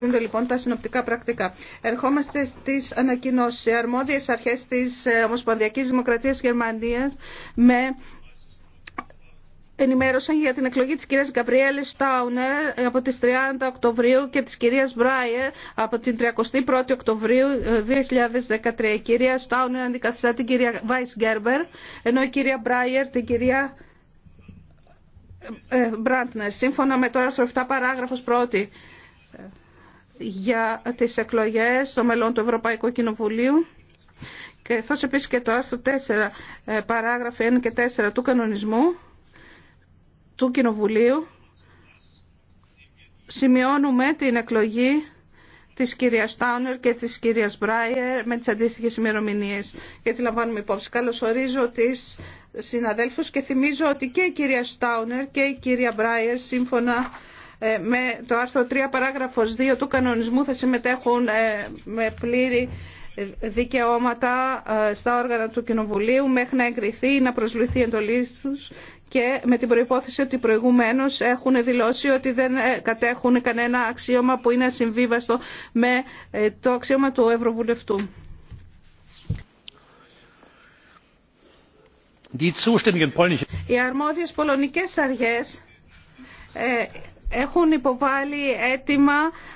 είναι λοιπόν τα συνοπτικά πρακτικά. Ερχόμαστε στι ανακοινώσει. Οι αρμόδιε αρχέ τη ε, Ομοσπονδιακή Δημοκρατία Γερμανία με ενημέρωσαν για την εκλογή τη κυρία Γκαμπριέλη Στάουνερ από τι 30 Οκτωβρίου και τη κυρία Μπράιερ από την 31 Οκτωβρίου 2013. Ε, η κυρία Στάουνερ αντικαθιστά την κυρία Βάι Γκέρμπερ, ενώ η κυρία Μπράιερ την κυρία. Ε, Μπραντνερ, σύμφωνα με το άρθρο 7 παράγραφος 1 για τις εκλογές των μελών του Ευρωπαϊκού Κοινοβουλίου και θα επίσης και το άρθρο 4 παράγραφη, 1 και 4 του κανονισμού του Κοινοβουλίου σημειώνουμε την εκλογή της κυρίας Τάουνερ και της κυρίας Μπράιερ με τις αντίστοιχες ημερομηνίε γιατί λαμβάνουμε υπόψη. Καλωσορίζω τις συναδέλφους και θυμίζω ότι και η κυρία Στάουνερ και η κυρία Μπράιερ σύμφωνα ε, με το άρθρο 3 παράγραφος 2 του κανονισμού θα συμμετέχουν ε, με πλήρη δικαιώματα ε, στα όργανα του Κοινοβουλίου μέχρι να εγκριθεί ή να προσβληθεί εντολή τους και με την προϋπόθεση ότι προηγουμένως έχουν δηλώσει ότι δεν κατέχουν κανένα αξίωμα που είναι συμβίβαστο με το αξίωμα του Ευρωβουλευτού. Οι αρμόδιες πολωνικές αργές έχουν υποβάλει αίτημα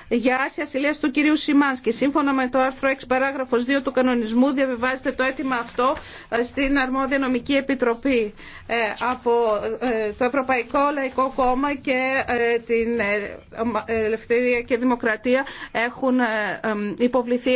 για άρση ασυλίας του κυρίου και Σύμφωνα με το άρθρο 6 παράγραφος 2 του κανονισμού διαβιβάζεται το αίτημα αυτό ε, στην Αρμόδια Νομική Επιτροπή ε, από ε, το Ευρωπαϊκό Λαϊκό Κόμμα και την Ελευθερία και Δημοκρατία έχουν υποβληθεί